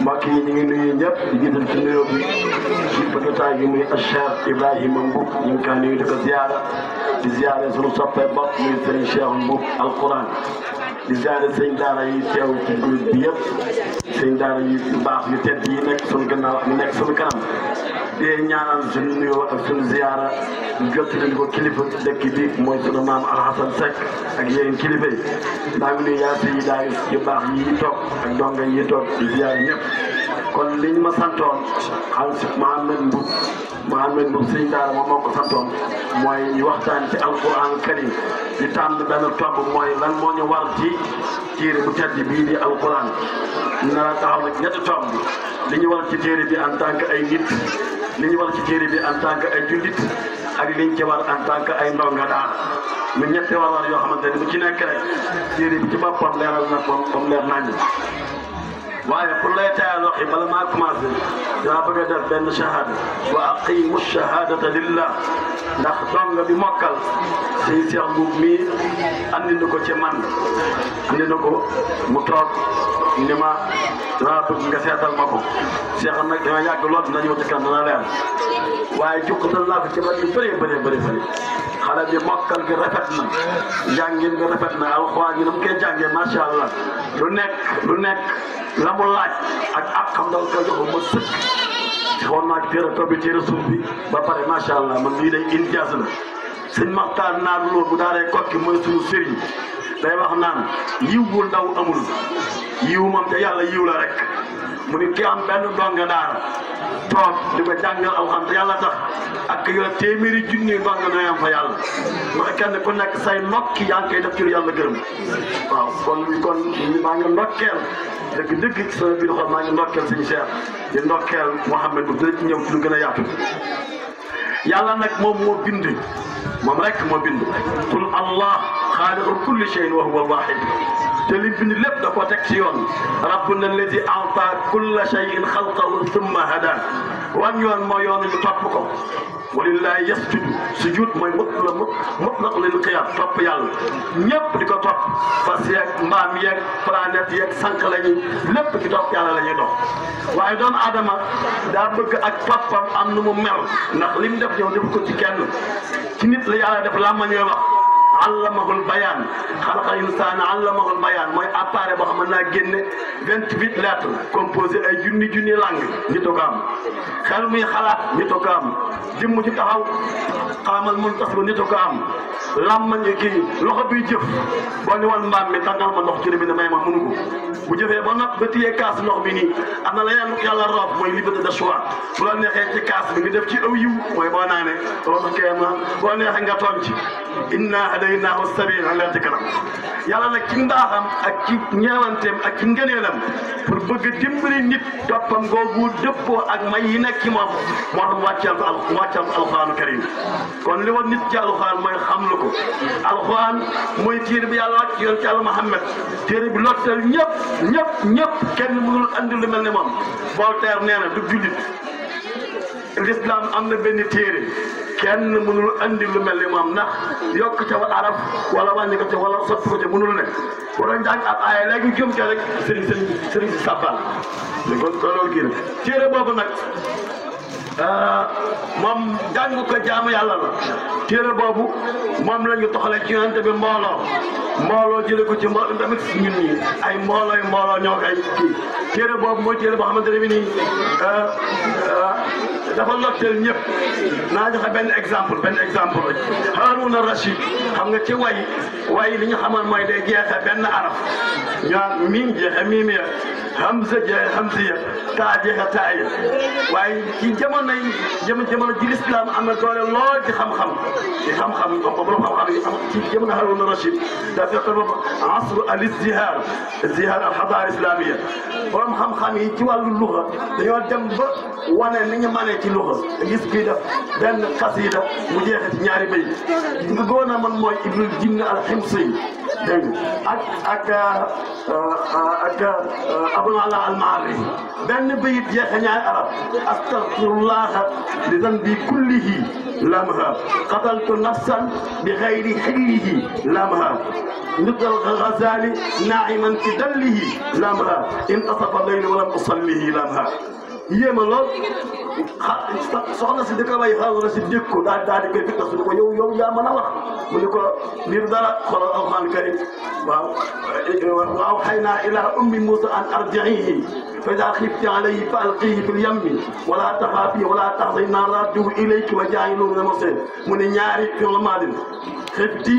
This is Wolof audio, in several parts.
mbokk yi ñu ngi nuyu ñëpp di jiital ci nuyoo bi ci pëtataay bi muy Cheikh Ibrahima Mboup ñu ngi koy nuyu di ko ziara di ziara sunu soppee bopp muy Serigne Cheikh Mboup alquran di ziara sëñ daara yi teew ci groupe bi yëpp sëñ yu baax yu tedd yi nekk sunu gannaaw ñu nekk di ñaanal suñu nuyoo ak suñu ziyaara jot nañ ko kilifa dëkk bi mooy sunu maam Alxasan Sekk ak yéen kilifa yi daa ngi nuyu yaa si yu baax yi toog ak donga yi toog di ziyaar ñëpp. kon liñ ma santoon xaalis Mohamed Mboup Mohamed Mboup sëñ Daara moom moo ko mooy ñu waxtaan ci alquran karim di tànn benn topp mooy lan moo ñu war ci téere bu tedd bii di alquran nara taxaw nag ñetti topp li ñu war ci téere bi en tant ay nit li ñu war ci téere bi en tant que ay jullit ak liñ ci war en tant que ay ndonga daara mu ñetti war war yoo xamante ne bu ci nekk rek téere bi ci boppam leeral na ko comme leer nañu waaye pour lay tayal waxi bala maa commencé daa bëgg a def benn shahada waa aqimu shahadata lillah ndax donga bi mokkal siy seex mbuub mi andi na ko ci man andi na ko mu toog ni ma danaa bëgg nga seetal ma ko seex nag dama yàgg lool dina ñëw ci waaye jukkatal naa ko ci yu bëree bëree bëri bëri xale bi mokkal gi rafet na njàngin gi rafet na alxuraan gi na mu allah nekk lu nekk mu laaj ak ak xam da nga koy jox ma sëkk xool naa teel bi ba pare macha allah man lii day indias la sëñ Maxtaar naan loolu bu daaree kokki mooy suñu sëriñ day wax naan yiw bu ndaw amul yiw moom te yàlla yiw la rek. mu ni ki am benn ndongo daara toog di ko jàngal aw xam te yàlla tax ak ki yor téeméeri junni ndongo doy am fa yàlla ndax kenn ku nekk say nokki yaa ngi koy def ci lu yàlla gërëm waaw kon kon maa ngi ndokkeel dëgg dëgg ci sama biir xol maa ngi ndokkeel suñu Cheikh di ndokkeel Mouhamed bu dëgg ñëw ci lu gën a yaatu yàlla nag moom moo bind moom rek moo bind qul allah xaaliqu kulli shay'in wa huwa al-wahid te li fi ni lépp da ko teg ci yoon rabbuna alladi ata kulla cheyin xalqahu summa hada wan yoon moo yoonu ñu topp ko walillahi yasjudu sujud mooy mutlaq mutlaq lil qiyam topp yàlla ñëpp di ko topp fas yeeg mbaam yeeg planète yeeg sànq lañu lépp ci topp yàlla la ñuy dox waaye doon Adama daa bëgg ak toppam am nu mu mel ndax li mu def yow def ko ci kenn ci nit la yàlla def laa ma ñuy wax allamahul bayaan xalaqal ba allamahul bayaan mooy appareil boo xam ne naa génne vingt-huit lettres composé ay junni junni langue ñu doog am xel muy xalaat ñu doog am jëmm ci taxaw xamal mun tas ba ñu doog am làmmañ kii loxo biy jëf boo ne woon mbaam mi tàngal ma ndox ci ne bi na may ma mënu ko bu jëfee ba nag ba téyee kaas ndox bi nii am na la yàlla roob mooy liberté de choix bu la neexee ci kaas bi def ci aw yiw mooy boo naanee loolu kee ma boo neexee nga toon ci inna alay naa wa sabi an leen ci kanam yàlla nag ci mbaaxam ak ci ñeewanteem ak nekk ci moom moo tax mu wàccal mooy xam lu ko mooy téere bi yàlla wàcc yoon ci àlla Muhammad téere bi lottal ñëpp ñëpp kenn mënul andi lu mel ne moom Voltaire nee na du jullit l'islam am na benn téere kenn mënul andi lu mel ni moom ndax yokk ca arab wala wàññi ko ca wala soppi ko ca mënul nekk waroon jàng ab aaya léegi jëm ca rek sëriñ sëriñ sëriñ si sàbbal li kon loolu kii la téere boobu nag ah, moom jàng ko jaamu yàlla la téere boobu moom la ñu toxalee ci yonent bi mbooloo mbooloo jële ko ci mbooloo tamit ay mboolooy mbooloo ñoo koy kii téere boobu mooy téere boo xamante ne bi nii euh, euh, dafa lotteel ñëpp naa joxe benn exemple benn exemple rek Haaruna Rachid xam nga ci way way li ñu xamoon mooy day jeexe benn araf ñaan miim jeexe miim ya Hamza jeex Hamza ya taa jeex a taa ya waaye ci jamono yi jamono ji lislaam am na doole lool ci xam-xam ci xam-xam yi boobu la xam-xam yi am ci jamono Harouna Rachid daa fekk boobu asru al izdihaar izdihaar al xadaara islaamiya borom xam-xam yi ci wàllu luxa dañoo dem ba wane ni ñu mënee ci luxa gis kii def benn xasida mu jeexee ci ñaari bay li nga góor naa man mooy Ibnul Jinn al Ximsi dégg ak ak ak. rabbuna ala almaarif benn bayit jeexe ñaari arab astaghfirullaha li zanbi kullihi lamha qataltu nafsan bi xayri xillihi lamha nidal ghazali naiman fi dallihi lamha in tasafa layli walam usallihi lamha yéema lool soxna si di ko may si dégg ko daal daal di a fitna su ko a wax mu ni ko liir dara xoolal alxuraan karim waaw waaw xëy naa ilaa ummi Muusa an arji'ihi fa idaa xifti alayhi fa alqiihi fil yammi wala taxaafi wala taxzani innaa raadduuhu ilayki wa jaa'iluuhu minal mursaliin mu ne ñaari fi'lu maadin xifti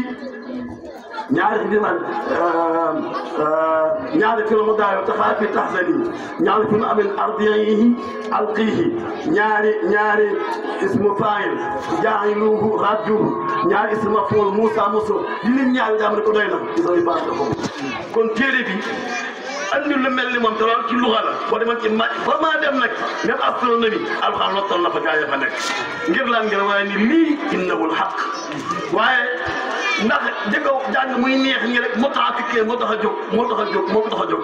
ñaari diman euh, euh, ñaari fil mu daayo taxaafi taxsani ñaari fil mu amin ardiyihi alqihi ñaari ñaari ismu faayil jaahiluhu radjuhu ñaari ismu mafuul Moussa Mousso yi lim ñaari jaam ne ko doy na isoy baax na ko kon téere bi andi lu mel ni moom te loolu ci luxa la boo demoon ci ma ba maa dem nag même astronomie alxam lottal na fa gaay ya fa nekk ngir lan ngir waaye ni lii innahul xaq waaye ndax jëkkaw jàng muy neex ñi rek moo tax a tikkee moo tax a jóg moo tax a jóg moo ko tax a jóg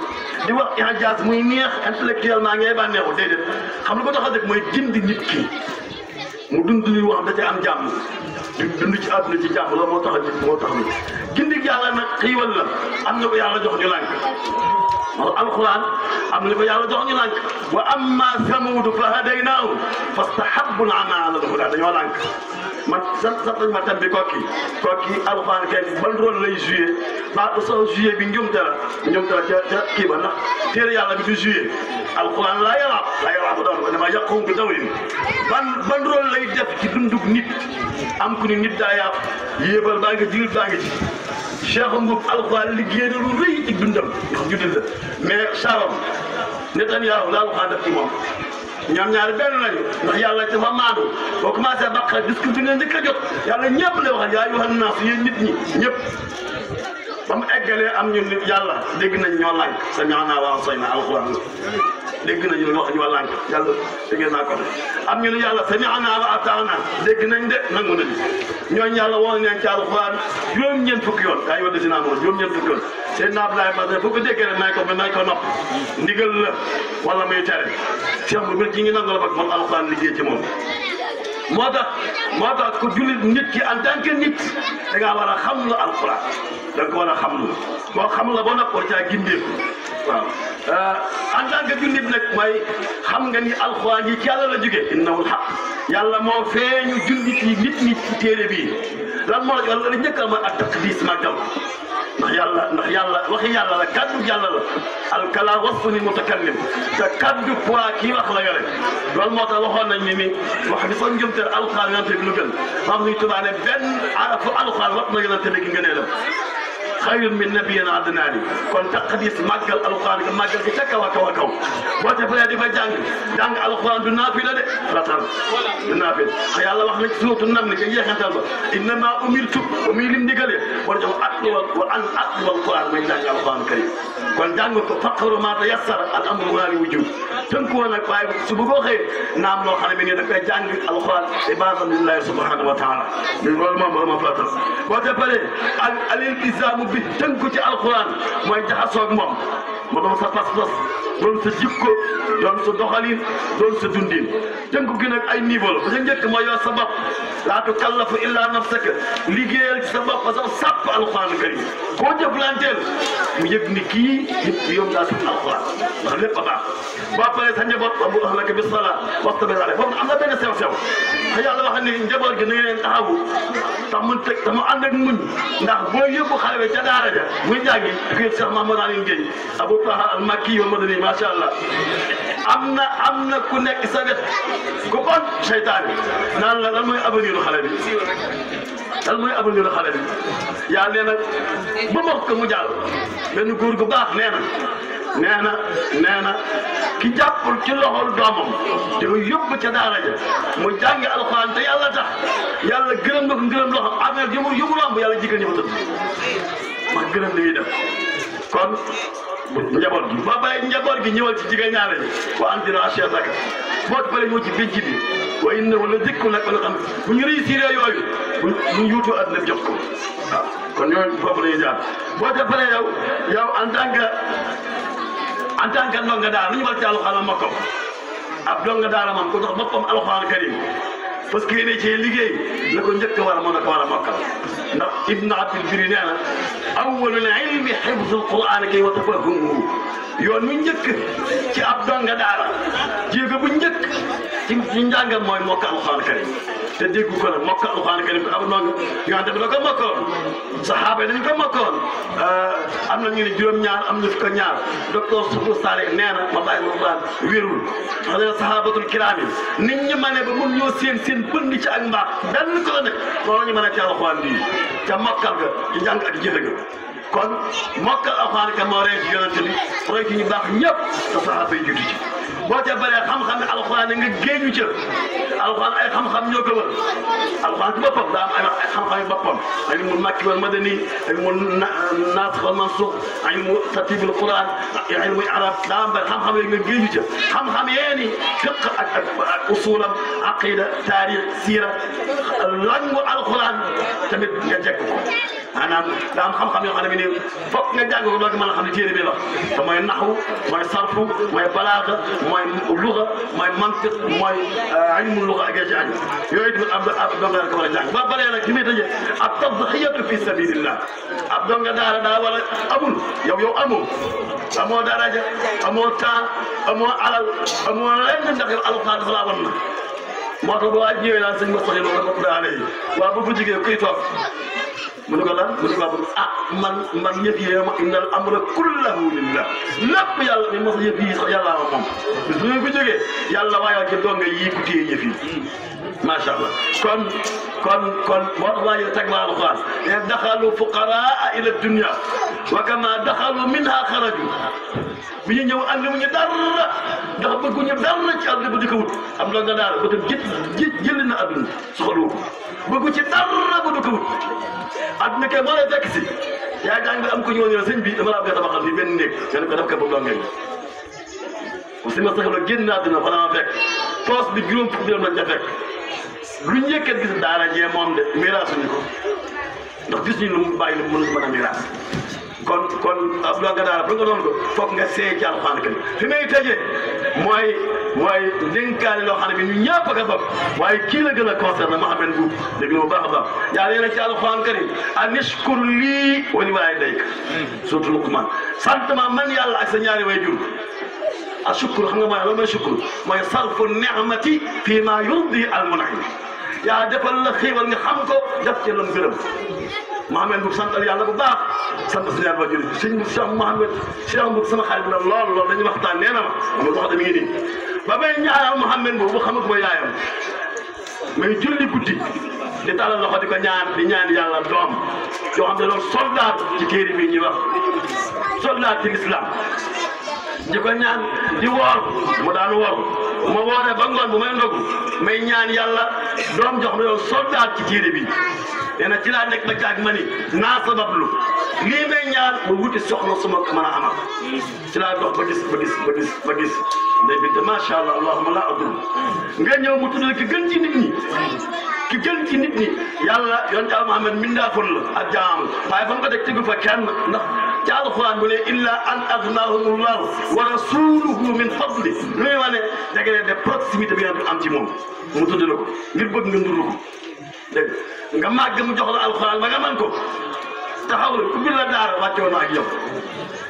di wax ijaas muy neex intellectuellement ngay bànneexu déedéet xam lu ko tax a jóg mooy gindi nit ki mu dund luy wax da ca am jàmm di dund ci àdduna ci jàmm la moo tax a jóg moo tax a jóg gindi yàlla nag xiiwal la am na ko yàlla jox ñu lànk wala alxuraan am na ko yàlla jox ñu lànk wa amma samuudu fa hadaynaahum fastahabbu al-'amya ala al-hudaa dañoo lànk man sant sant ma tam bi kooki kooki alxuraan kay ban rôle lay joué ba soo joué bi njumte la njumte la ca ca kii ba ndax téere yàlla bi du joué alxuraan laa yalaab laa yalaab doon ko dama yàqum bi dawlin ban ban rôle lay def ci dundug nit am ku ni nit daa yàpp yéebal baa ngi jiir baa ngi ci Cheikh Mboup alxuraan liggéey na lu rëy ci dundam ndax juddil la mais saabam Netanyahu laa alxuraan def ci moom ñoom ñaari benn lañu ndax yàlla dafa maandu boo commencé bàq discours bi nga njëkk a jot yàlla ñëpp lay wax yaa ayyuhan naas nit ñi ñëpp. ba mu am ñu nit yàlla dégg nañ ñoo lànk sami'naa wa na alxuraan dégg nañ lu wax ñu lànk yàlla dégg naa nu am ñu ne yàlla sami'naa wa ata'naa dégg nañ de nangu nañ ñooñu yàlla woon nañ ci alxuraan juróom-ñeent fukki yoon yaa ngi woon dina amoon juróom-ñeent fukki yoon seen naa Abdoulaye Mbassé fu ko déggee rek may ko may ko nopp ndigal la wala muy tere Cheikh bu mel ki ngi nangu la bëgg moom alxuraan liggéey ci moom moo da moo tax ku jullit nit ki en tant que nit da ngaa war a xam lu alxuraan da nga ko war xam lu boo xam la boo nag war caa gindeeku waaw euh, en tant que xam nga ni alxuraan yi ci yàlla la jógee xaq yàlla moo feeñu jullit nit nit ci téere bii lan moo la jox la njëkk a mooy ak ndax yàlla ndax yàlla waxi yàlla la kàddu yàlla la alkalaam wasfu ni mutakallim te kàddu poids kii wax la yore loolu moo tax waxoon nañ ni ni wax bi soo njëmteel alxuraan yonente bi lu gën xam ni tubaane benn arafu alxuraan wax na yonente bi ki ngëneelam xayrun min nabiyyin adnaani kon taqdis màggal alxuraan ka màggal gi ca kaw a kaw a kaw boo defaree di fa jàng jàng alxuraan du naafila de ratal du naafil yàlla wax na ci suuratu nam ni ca jeexantal ba innamaa umirtu ba muy lim digale war jox atlu wa an atlu alxuraan may jàng alxuraan karim kon jàng ko faqru maa tayassara al amru munaani wujub tënku woon nag waaye su bu ko xëy naam loo xam ne mi ngi da koy jàng alxuraan ibaadatan lillahi subhanahu wa taala loolu moom moo ma fàttal boo defaree al iltisaamu bi tënku ci alxuraan mooy jaxasoog moom mu doon sa pas-pas doon sa jikko doon sa doxalin doon sa dundin tënku gi nag ay niveau la ba sa njëkk mooy yow sa bopp laa tukallafu illaa nafsaka liggéeyal ci sa bopp ba sax sàpp alxuraan karim koo jëflanteel mu yëg ni kii nit ki yom daa sa alxuraan ndax lépp a baax boo paree sa njaboot bu ahlaka bi salaa wastabir ale foofu am na benn sew sew te yàlla wax ni njaboot gi na ngeen taxawu tax mu teg te mu ànd ak muñ ndax boo yóbbu xale bi ca daara ja muy jàngi ngeen Cheikh Mamadou Aline Gueye Abou Taha al Makki yow madani macha allah am na am na ku nekk sa wet ku bon seytaan bi naan la lan mooy avenir xale bi lan mooy avenir xale bi yaa nee na ba mokk mu jàll benn góor gu baax nee na nee na nee na ki jàppul ci loxol doomam di ko yóbbu ca daara ja mu jàngi alxuraan te yàlla tax yàlla gërëm na ko ngërëm loxo amee jëmul yóbbu lamb yàlla jigéen ñi fa tëdd ma gërëm li muy kon njaboot gi ma gi ñëwal ci jigéen ñaare ji wa am dina ci bénc bi waaye ne wala dëkku nag wala xam bu ñu réussir yooyu buñ buñ yuutoo àdduna kon yooyu foofu la ñuy jaar boo ca paree yow yow en tant que en tant que ko ab ndonga daara moom parce que yéene cee liggéey la ko njëkk war a mën a ko war a mokkal ndax ibnu abdul biri nee na awwalul ilmi xibsul quraan kay yoon mu njëkk ci ab donga daara jéego bu njëkk ci ci njàngal mooy mokk alxuraan karim te déggu ko nag mokk alxuraan karim da ko mokkoon saxaaba yi euh, na ñu ne juróom-ñaar am na fi ko ñaar docteur Sougou Sare nee na wallahi alxuraan ne saxaabatul kiraam yi nit ñi mane ba mun ñoo seen seen bënd ci ak mbaax benn ko la nekk loolu ñu mën a ci alxuraan bii ga ci njàng ak jëfe ga kon mokkal alxuraan ka moo rey ci yonente bi ñu baax ñëpp te saxaaba yi jiitu ci boo ca bëree xam-xam alxuraan nga géeju ca alxuraan ay xam-xam ñoo ko wër alxuraan ci boppam daa am ay xam-xam yu boppam ilmul makki wal madani ilmul naas wal mansuux ilmu tartiibul quraan ilmu arab daa am bëri xam-xam yooyu nga géeju ca xam-xam yee ni fiq ak ak usulam aqida taarix siira langu alxuraan tamit nga jekk ko maanaam daa am xam-xam yoo xam ne nii fokk nga jàng ko doog mën a xam ne téere bi la te mooy naxu mooy sarfu mooy balaaxa mooy mooy luga mooy mantiq mooy eh, ilmu luga ak ci aju yooyu tamit ab ab donga daara ko war a jàng ba pare nag li muy tëjee ab tadxiyatu fi sabilillah ab donga daara daa war a amul yow yow amoo amoo daraja amoo temps amoo alal amoo lenn ndax yow alxuraan dafa laa wan na moo tax boo ñëwee naan sëñ Moussa Diop la bokk daale yi waaw bu jigéen kuy toog mu ne ko lan mu ne ko ah man man ñëpp yi ma innal amra kullahu lillah lépp yàlla ni mos yëpp yi sax yàllaa ma moom bis bu ñu ko jógee yàlla waayal ci donga yii ku téye yëf yi macha allah kon kon kon moo tax waa yéen teg maa la xaas daxalu fuqaraa ila dunya wa kama daxalu minha xaraju bi ñu ñëw ànd mu ñu dara ndax bëgguñu dara ci àdduna bu di ko wut am na nga daal ba tam jë jë jëli na àdduna soxalu bëggu ci dara bu di ko wut àdduna kay moo lay fekk si yaa ngi daan am ko ñëwoon yow sëñ bi dama laa bëgg a tabaxal fii benn néeg nga ne ko def ko ba dongee si ma sax la génn àdduna fa laa fekk poos bi juróom fukki dërëm lañ ca fekk lu ñu yëkkat gis daara jee moom de miiraasuñu ko ndax gis ñu lu mu bàyyi lu mu mën a miiraas kon kon ab dogg daara pour nga doon ko foog nga seey ci alxuraan fi may tëjee mooy mooy ndénkaane loo xam ne bi a ko bokk waaye kii la gën a concerné Mouhamed Mboup a baax yaa ngi ci alxuraan kër an ishkur lii wala waaye day surtout Luqman sant ma man yàlla ak sa ñaari way jur a sukkur xam nga mooy lan yurdi al yàlla defal la xéewal nga xam ko def ci lam gërëm Mohamed bu santal yàlla bu baax sant suñu yàlla ba jëli sëñ bu Cheikh Mohamed Cheikh bu sama xarit la lool lool dañuy waxtaan nee na ma ma wax da mi ngi nii ba may ñaanal Mohamed boobu xamul ko yaayam may julli guddi di talal loxo di ko ñaan di ñaan yàlla doom yoo xam ne loolu soldat ci téere bi ñuy wax soldat ci l'islam di ko ñaan di woor mu daan woor ma wooree ba ngoon bu may ndogu may ñaan yàlla doom jox ma yow soldaat ci diine bi nee na ci laa nekk ba caag ma ni naa sabablu lii may ñaar ba wuti soxna suma mën a amal ci laa dox ba gis ba gis ba gis allah allahuma laa adul nga ñëw mu tuddal ki gën ci nit ñi ki gën ci nit ñi yàlla yoon ta Muhammad la ak jaam waaye fa mu ko teg tegu fa kenn ndax ci alxuraan bu ne illa an agnaahumullahu wa rasuluhu min fadli lu muy wane da ngay de proximité bi nga am ci moom mu tudd la ko ngir bëgg nga màgg mu jox la alxuraan ba nga mën ko taxawul ku bi la daara wàcce woon ak yow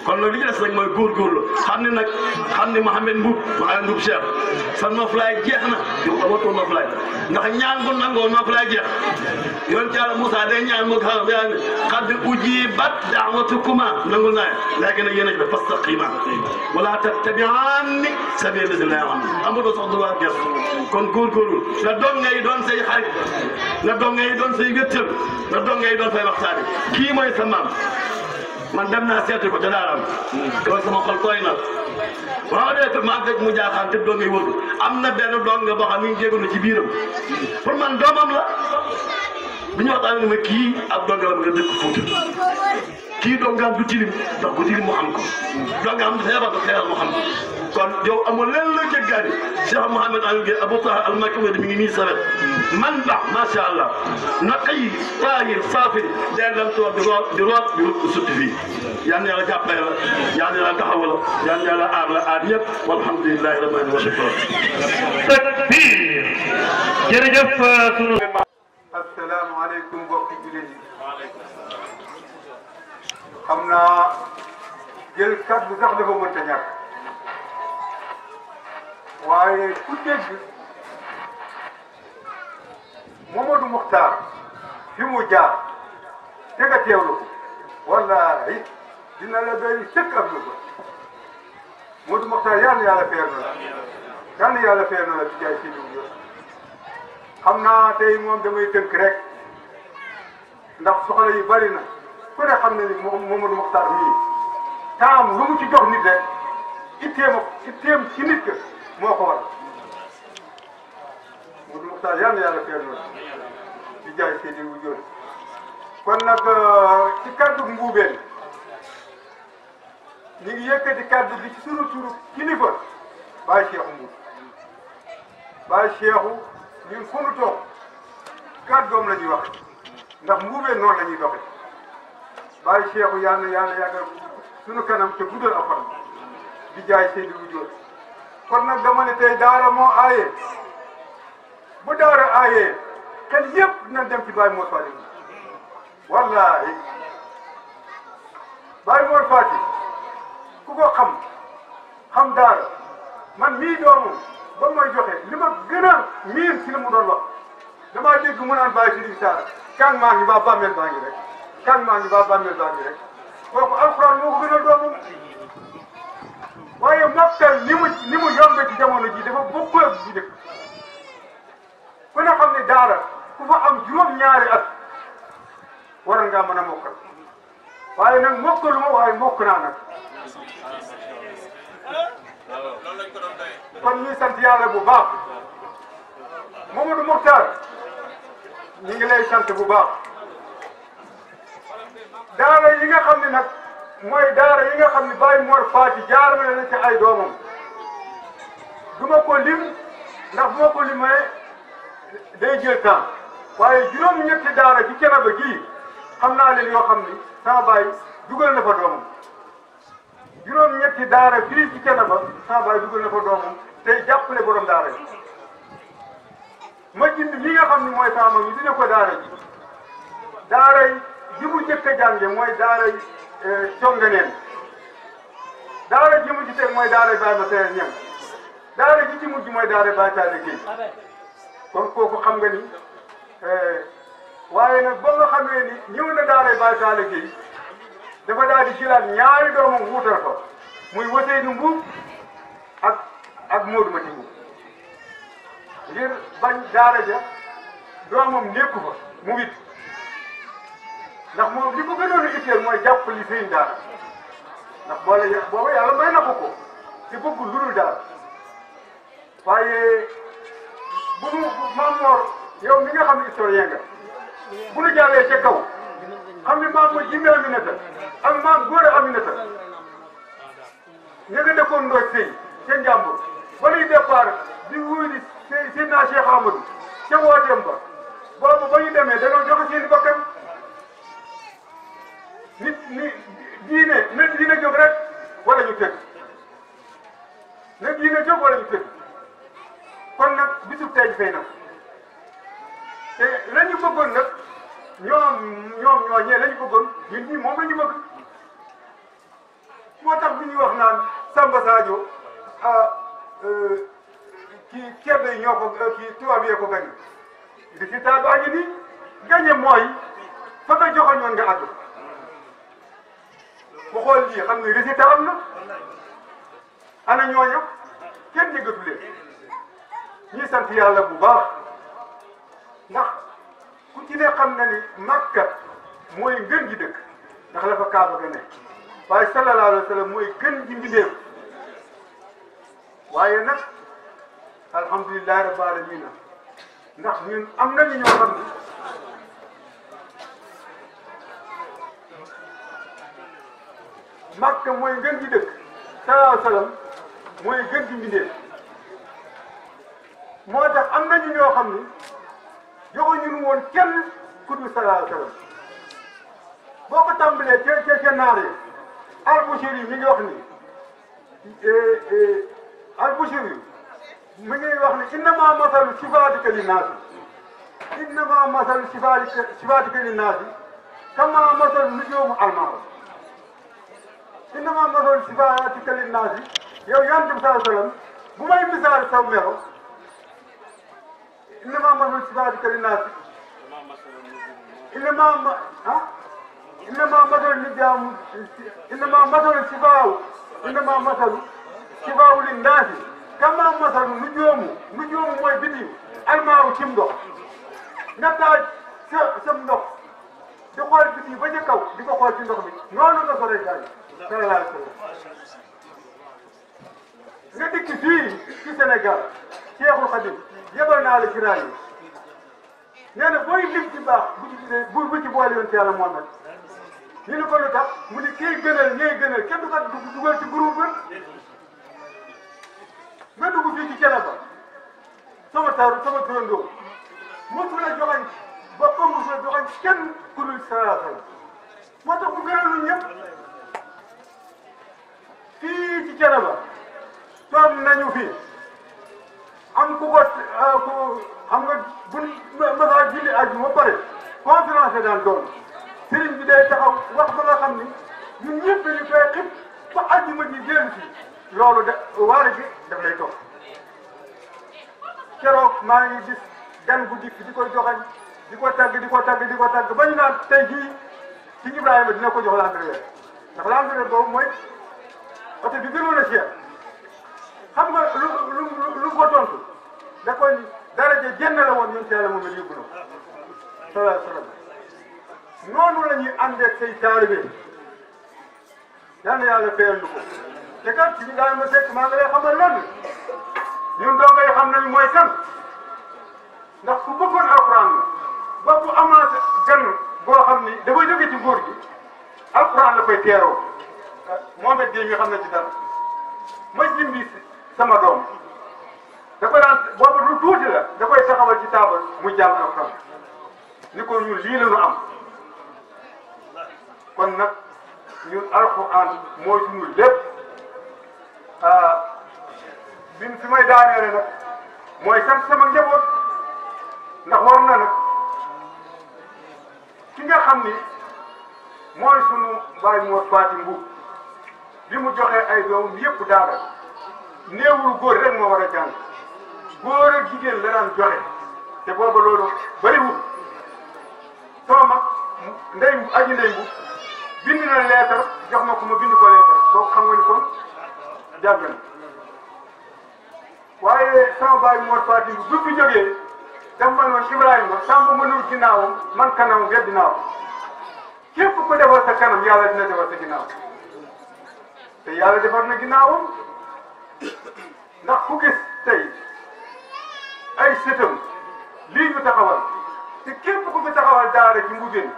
kon nag li ci des nag mooy góorgóorlu xam ne nag xam ne Mouhamed Mboup Mouhamed Mboup Cheikh sa noflaay jeex na yow amatul noflaay ndax ñaan bu nangoo noflaay jeex yoon ci Yàlla Moussa day ñaan mu xam yaa ne xad ujibat da'watukuma nangu naa léegi nag yéen a def fastaqima wala tattabi'anni sabila lazina amatoo sax du waa gerte kon góorgóorlu na doon ngay doon say xarit na doon ngay doon say wéttal na doon ngay doon say waxtaane kii mooy sa maam man dem naa seeti ko ca daaram kon sama xol tooy na waaw de ma ak dëgg mu jaaxaan te doo ngay wër am na benn dong nga boo xam ni jéego na ci biiram pour man doomam la bu ñu waxtaanee ma kii ab dong la nga dëkk Fuuta kii dongaam du tilim ndax bu tilim mu xam ko dongaam du feebar du feebar mu xam ko kon yow amul leen la jéggaani Cheikh Mouhamed Aliou Gueye Abou Taha almakawédi mi ngi nii sawet man ba macha allah naqayi taahir saafir day dem toog di root di root di sutti fii yaan yàlla jàppale la yaan yàlla taxaw la yaan yàlla aar la aar ñëpp walhamdulilahi rabbil wa shukran takbir jërëjëf sunu asalaamaaleykum mbokki jullit yi xam naa jël kàddu sax dafa mënta ñàkk waaye ku dégg Mamadou Mokhtar fi mu jaar te nga teewlu ko wallaahi dina la doy sëkk ak lu ko Mamadou Mokhtar yal na yàlla feer na la yal na yàlla feer na la ci jaay si dugub yëpp xam naa tey moom damay tënk rek ndax soxla yi bari na. ku ne ne ni Mamadou Mokhtar mii taam lu ci jox nit rek itteem itteem ci nit ka moo ko waral Mamadou Mokhtar yal na yàlla noonu di jaay seen i wujoon kon nag euh, ci kaddu mbuubeen ñu ngi yëkkati kaddu bi ci sunu turu kilifa Baye Cheikh Mbuub Baye Cheikhu ñun fu nu toog kaddoom la ñuy wax ndax mbuubeen noonu la ñuy doxee. bàyyi Cheikh yàlla yàlla yàggal suñu kanam te guddal ak fan di jaay seen i kon nag dama ne tey moo aaye bu daara aayee xel yëpp dina dem ci Baye Mor Fati wallaahi Baye Mor Fati ku ko xam xam daara man mii doomu ba mooy joxe li ma gën a miin ci li mu doon wax damaa dégg mu naan bàyyi si di saara kan maa ngi ba bàmmeel baa ngi rek kan maa ngi ba bàmmeel baa ngi rek kooku alxuraan moo gën a doomam waaye mu ni mu yombee ci jamono ji dafa bokkul ak ji dëkk ku ne xam ne daara ku fa am juróom-ñaari at war ngaa mën a mokkal waaye nag mokkalu ma waaye mokk naa nag kon ñuy sant yàlla bu baax Mamadou Mokhtar ñu ngi lay sant bu baax. daara yi nga xam ni nag mooy daara yi nga xam ne Baye Mor Faty jaar na leen ci ay doomam du ma ko lim ndax bu ma ko limee day jël temps waaye juróom-ñetti daara ci Thiénaba gii xam naa leen yoo xam ni sama baay dugal na fa doomam juróom-ñetti daara fii ci Thiénaba sama baay dugal na fa doomam tey jàppale borom daara yi ma jënd li nga xam ne mooy sama mag ñu dina ko daara ji daara ji mu njëkk a jànge mooy daara jonganeen eh, daara ji mu ji teg mooy daara Baye Massaer Niang daara ji ci mujj mooy daara Baye Talla Gueye kon kooku xam nga ni eh, waaye nag ba nga xamee ni ñëw na daara Baye Talla Gueye dafa daal di jilaat ñaari doomam wuutal ko muy Ousseynou Mbuub ak ak Modou Mati Mbuub ngir bañ daara ja doomam nekku fa mu wit ndax moom li ko gënoon a itteel mooy jàppali sëñ daara ndax boole yë booba yàlla na ko ko te bëggul lu dul daara waaye bu maam Mor yow mi nga xam ne historien nga bu nu ca kaw xam ne maam Mor Jimé Aminata ak maam Góora Aminata ña nga dëkkoon ndooj sëy ca njàmbur ba nuy départ di wuy di sëy Seydina Cheikh Amadou ca wooteem ba boobu ba ñu demee dañoo joxe seen bakkan nit ni diine na diine jóg rek wala ñu tëgg na diine wala ñu tëgg kon nag bisub tey fay na te la ñu bëggoon nag ñoom ñoom ñoo ñee la ñu bëggoon ñun ñii moom la ñu bëgg moo tax bi ñuy wax naan Samba Sadio ah euh, kii képp yi ñoo ko kii tubaab yee ku xool lii xam ne résultat am na ana ñooñu kenn déggatu leen ñuy sant yàlla bu baax ndax ku ci le xam na ni makka mooy gën ji dëkk ndax la fa kaaba ga ne waaye sallallahu alayhi wa sallam mooy gën ji mbindeef waaye nag alhamdulilahi rabbil alamin ndax ñun am nañu ñoo xam Makka mooy ngën ji dëkk salaahu salaam mooy ngën ji mbindéef moo tax am nañu ñoo xam ni joxuñu ñu woon kenn ku dul salaahu salaam boo ko tàmbalee ca ca ca naar yi Al-Bushiri yi mu ngi wax ni Al-Bushiri yi mi ngi wax ni eh, eh, innama masalu sifaatika li naasi innama masalu sifaatika li naasi kama inna maa masoon sifaatika linnaasi yow yonent bi sallallahu alayhi wa sallam bu may misaal saw melo inna maa masoon sifaatika linnaasi inna ma ah inna maa masoon nijaamu inna maa masoon sifaaw inna maa masoon sifaaw linnaasi kamaa masoon nujoomu nujoomu mooy biddiw almaaru cim ndox nga taaj sa di xool biddiw ba ca di ko xool ci ndox mi noonu nga soree Sénégal ko nga dikk fii ci Sénégal Cheikhul Khadim yebal naa la ci raay yi nee na booy lim ci baax bu ci gisee bu bu ci boole yoon ci yàlla Muhammad ñu ne ko lu tax mu ne kii gënal ñooy gënal kenn du ko dugal ci groupe ba nga dugg fii ci Thiénaba sama taru sama turandoo mosu la joxañ ba ko mosu la joxañ kenn ku dul salaata moo tax mu gënal ñëpp. fii ci Thiénaba toog nañu fi am ku ko ah, ku xam nga buñ mësaa julli àjjuma ba pare conférence daan doon sëriñ bi day taxaw wax ba nga xam ni ñun ñëpp dañu koy xib ba àjjuma ji génn si loolu de waare gi daf lay toog keroog maa ngi gis gan bu dikk di ko joxañ di ko tàgg di ko tàgg di ko tàgg ba ñu naan tey jii ci Ibrahima dina ko jox l'engrais ndax l'engrais boobu mooy parce bi gënoon a ci xam nga lu lu lu ko tontu da koy daraja jenn la woon ñun teel a moom it yóbbu na ko salaam salaam noonu la ñuy àndeeg say taalibe yal na yàlla fayal ñu ko te kat ci daal ma fekk maa ngi lay xamal lenn ñun dong ngay xam nañu mooy kan ndax ku bëggoon alxuraan la ba bu amaat gan boo xam ni dafay jóge ci nguur gi alxuraan la koy teeroo. Mohamed Gueye mi xam na ci dara ma jimbi sama doom da koy daan boobu lu tuuti la da koy taxawal ci taabal mu jàng alxuraan ni ko ñun lii la am kon nag ñun alxuraan mooy suñu lépp ah, bi fi may daaneele nag mooy sant sama njaboot ndax war na nag ki nga xam ni mooy sunu bàyyi moo faati mbuub li mu joxe ay doomam yëpp daara néewul góor rek moo war a jàng góor ak jigéen la daan joxe te booba loolu bëriwul soo mag ndey aji ndey bu bind na leetar jox ma ko ma bind ko leetar boo xam nga ni kon jàng na waaye sama baay moo fàtti bu fi jógee ma noon Ibrahima sàmm mënul ginnaawam man kanam weddi naaw képp ko defal sa kanam yàlla dina defal sa ginnaaw te yàlla defar na ginnaawam ndax ku gis tey ay sëtam lii ñu taxawal kenn képp ku fi taxawal daara ci Mbujeen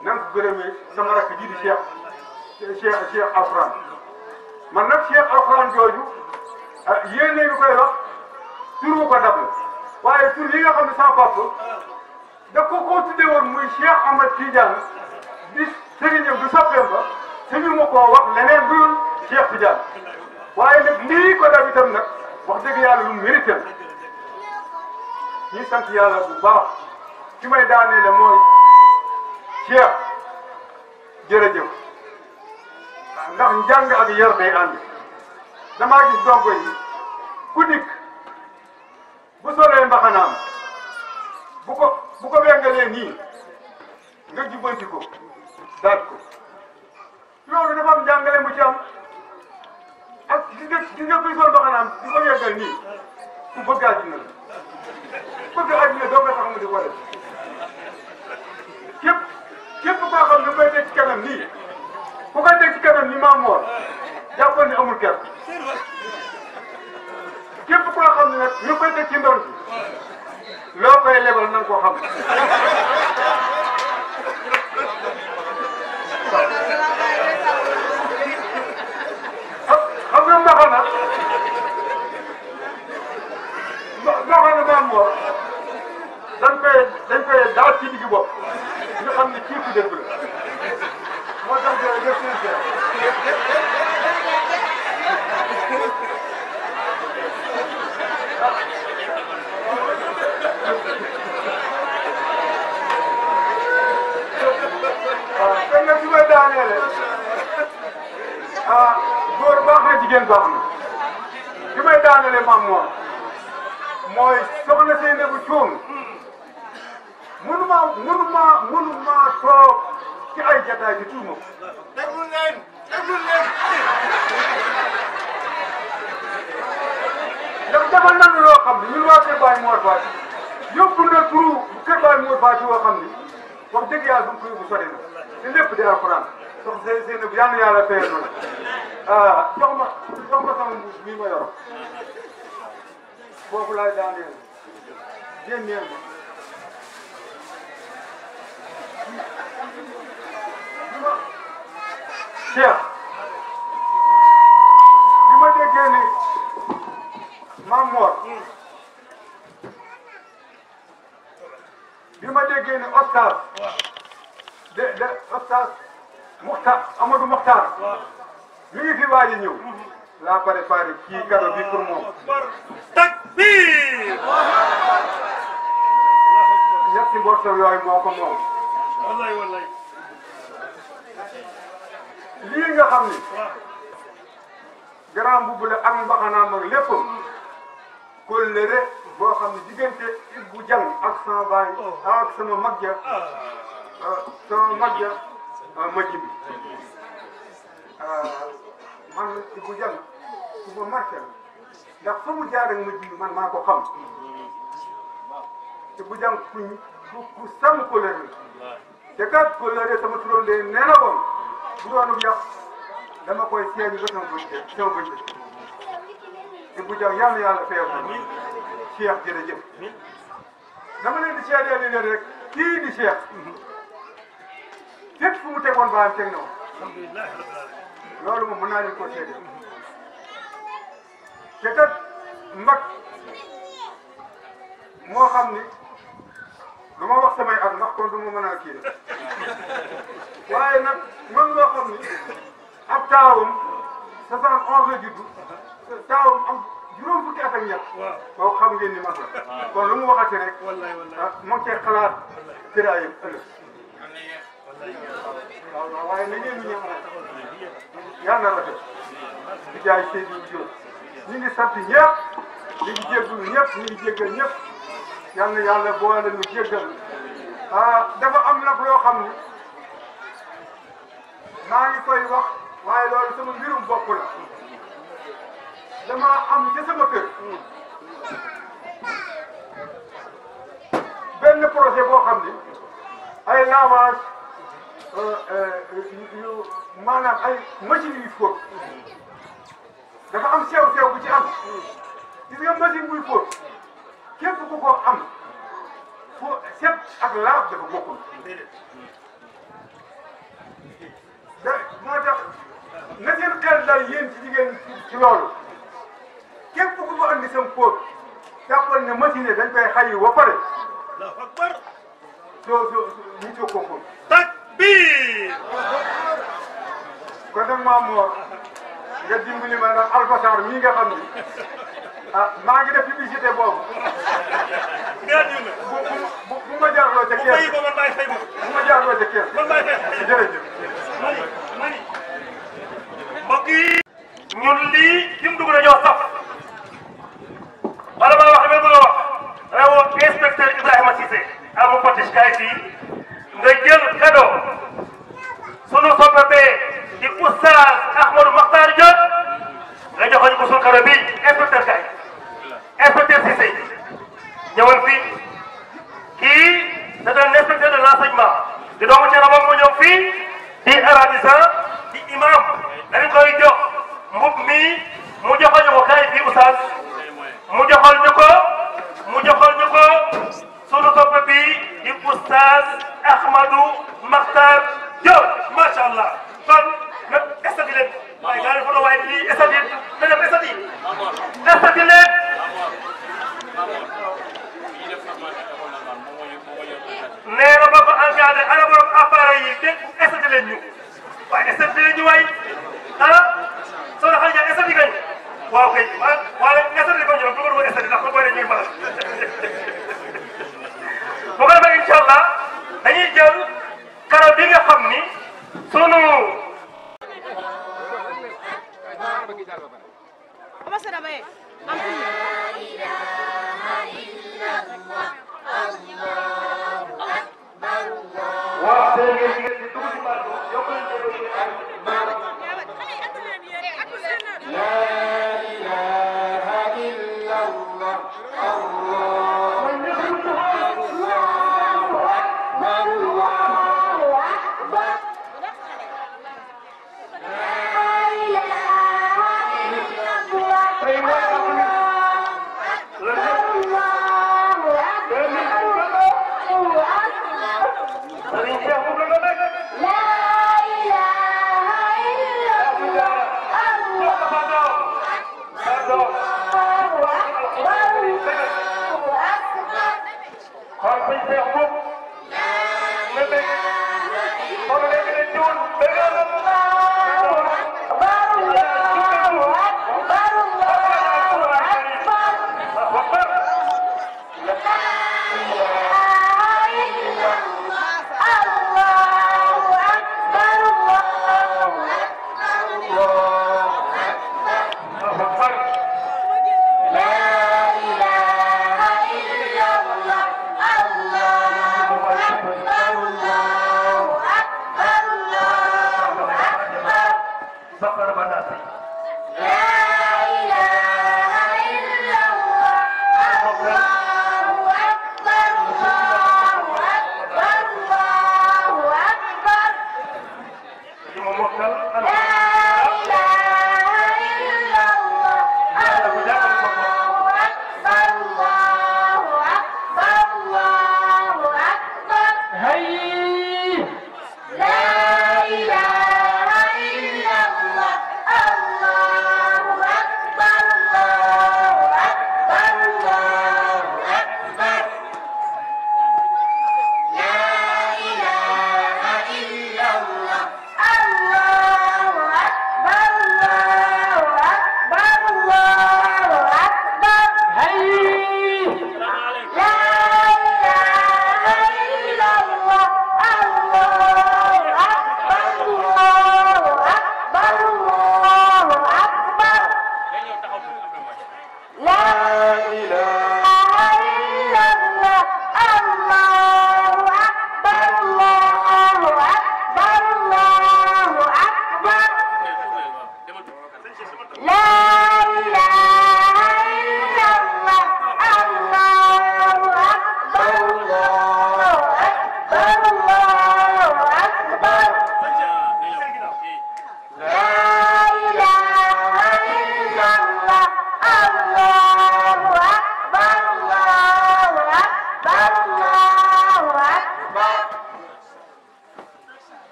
na nga ko gërëmee sama rakk ji di Cheikh Cheikh Cheikh Alxuraan man nag Cheikh Alxuraan jooju ah yéen ñu koy wax tur bu ko dab waaye tur yi nga xam ne sa bopp da ko koo tuddee woon muy Cheikh Ahmad Tidiane di sëriñam du soppeem ba. sañul ma koo wax leneen dul Cheikh Tidiane waaye nag lii ko dal itam nag wax dëgg yàlla lu mérité la sant yàlla bu baax ki may daanee la mooy Cheikh jërëjëf ndax njàng ak yar day ànd damaa gis dongo yi ku dikk bu solee mbaxanaam bu ko bu ko nii nga jubbanti ko daat ko loolu dafa am jàngale mu ci am ak gis nga gis nga kuy sol mbaxanaam di ko yeggal nii ku bëgg àddina la bëgg àddina doo ko tax mu di ko def képp képp koo xam ne koy teg ci kanam nii ku koy teg ci kanam nii maam moor jàppoon ne amul ker képp koo xam ne nag ñu koy teg ci ndor si loo koy lebal na nga koo xam xam nga mbaxana mbaxana maam moom dañ koy dañ koy daal ci digg bopp nga xam ne kii ku dëgg la moo tax nga def seen seer waaw ah, ah, kon ah. nag su ma daaneele ah boo xam ne jigéen baax na li may daanale maam moom mooy soxna Seynabou Thioune mënuma mënuma mënuma toog ci ay jataay di tuuma ko. déglu leen déglu leen. ndax dafa nan loo xam ne ñun waa Kër Baye Mor Faty yóbbu na turu Kër Baye Mor Faty woo xam ni wax dëgg yàlla bu mu koy bu sori na te lépp di alxuraan soxna Seynabou yàlla yàlla fayal na ah jox ma jox ma sama mbuus mii ma yor foofu laay daaneel génneel ma Cheikh bi ma déggee ni Maam Mor bi ma déggee ni Oustaz de de Oustaz Muxtar Amadou Muxtar mi ngi fi waaj a ñëw la préparé kii cadeau bi pour moom. takbir. ñetti mbooloo yooyu moo ko moom. wallaay wallaay. lii nga xam ni. grand mbubb la ak mbaxanaam ak boo xam ne diggante Ibou Diagne ak sama baay oh. ak sama mag ja ah. Ah, sama mag ja ah, ma ji bi. man ci bu yàgg ma bu marché la mu jaar ma ji man maa ko xam ci bu jàng kuñ ku sàmm colère la te kat colère sama turoon de nee na woon bu doonum yàq dama koy seet ba sama bëñ de sama bëñ de ci bu jàng yàlla yàlla fayal ko Cheikh jërëjëf dama leen di seedeel ni leen rek kii di Cheikh fépp fu mu tegoon baam teg na loolu moom mën naa leen ko seede te kat mbag moo xam ni du ma wax samay at ndax kon du ma mën a kii waaye nag mën loo xam ni ab taawam soixante onze la juddu taawam am juróom fukki at ak ñett boo xam ngeen ni mag la kon lu mu waxati rek ah, moom cee xalaat tëraayam ëllëg waaw waaw waaye na ngeen ñu ñaanal a na rafet di jaay Seydou Diop ñu ngi sant ñëpp ñu ngi jégalu ñëpp ñu ngi jégal ñëpp yal na yàlla boole ñu jégal ah dafa am nag yoo xam ni maa ngi koy wax waaye loolu sama mbirum bopp la dama am ca sama kër benn projet boo xam ni ay lavage. yu maanaam ay machine yu fóot dafa am sew sew bu ci am gis nga machine buy fóot képp ko am foo set ak laab dafa bokkul da moo tax na seen xel daal yéen ci jigéen ci loolu képp ku ko andi sam fóot jàppal ne machine dañ koy xayma ba pare doo doo ñu ko fóot bii. kon nag maam Mor nga dimbali ma ndax Alpha Sarr mii nga xam ni ah maa ngi def publicité boobu. bu bu bu ma jaarloo ca kees bu ma jaarloo ca kees jërëjëf. mbokk yi. ñun lii fi mu dugg dañoo saf. bala maa wax li ma bëgg a wax. rawoon inspecteur Ibrahima Cissé amu Fatick kay fii. nga jël kado sunu soppe bee di oustaz Ahmadou Makhtar Diop nga joxoñ ko sunu kado bi inspecteur kay inspecteur Cissé ñëwal fii kii c'est un inspecteur de l'enseignement di doomu ci rabam mu ñëw fii di arabisant di imam dañ koy jox mbub mi mu joxoñ ko kay fii oustaz mu joxoñ ñu ko mu sunu topp bi di oustaz Ahmadou Makhtar Diop macha allah kon nga estati leen waaye gaa dafa doon waaye lii estati na def estati estati leen nee na ba ko engagé ana borom appareil yi dégg estati leen ñu waaye estati leen ñu waay ah soo doon xayma estati kañ waaw kay waaye estati ko ñu doon du ko doon estati ndax ko booy rek ñuy mbaal bu ko defee incha allah dañuy jël karo bi nga xam ni sunu. Vamos a ver,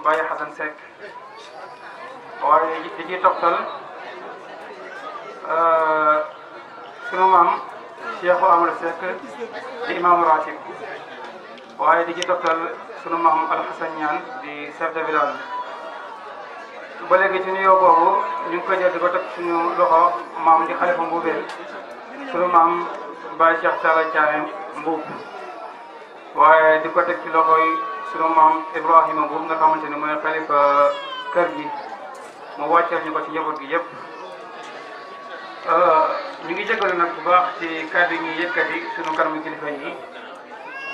Mbaye Xasan Seck waaye di ci toftal euh, sunu maam Cheikh Amadou Seck di imam ratib waaye di ci toftal sunu maam Alxasan Ñaan di chef de village ba léegi ci nuyoo boobu ñu ngi koy jël di ko teg suñu loxo maam di xalifa Mbuubeen sunu maam Baye Cheikh Talla Thiané Mbuub waaye di ko teg loxo sunu maam Ibrahima boobu nga xamante ni mooy xalifa kër gi mu wàcceel ñu ko ci njaboot gi yëpp euh, ñu ngi jégalu nag bu baax ci kàddu yi ñuy yëkkati sunu kanamu kilifa yi